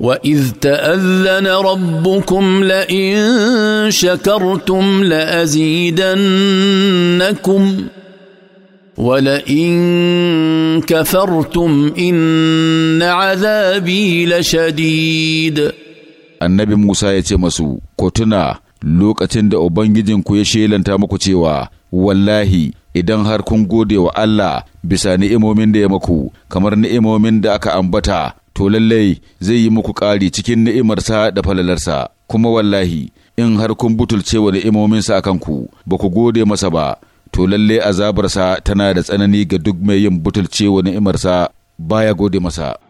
واذ تاذن ربكم لئن شكرتم لازيدنكم ولئن كفرتم ان عذابي لشديد annabi Musa ya ce masu, kotuna lokacin da Ubangijinku ya shelanta muku cewa, Wallahi, idan har kun gode wa Allah bisa ni'imomin da ya maku, kamar ni'imomin da aka ambata to lallai zai yi muku ƙari cikin ni'imarsa da falalarsa, kuma wallahi, in har kun butulce wa ni'imominsa a kanku, ba ku gode masa ba, to lallai azabarsa tana da tsanani ga duk mai yin butulce wa ni'imarsa baya gode masa.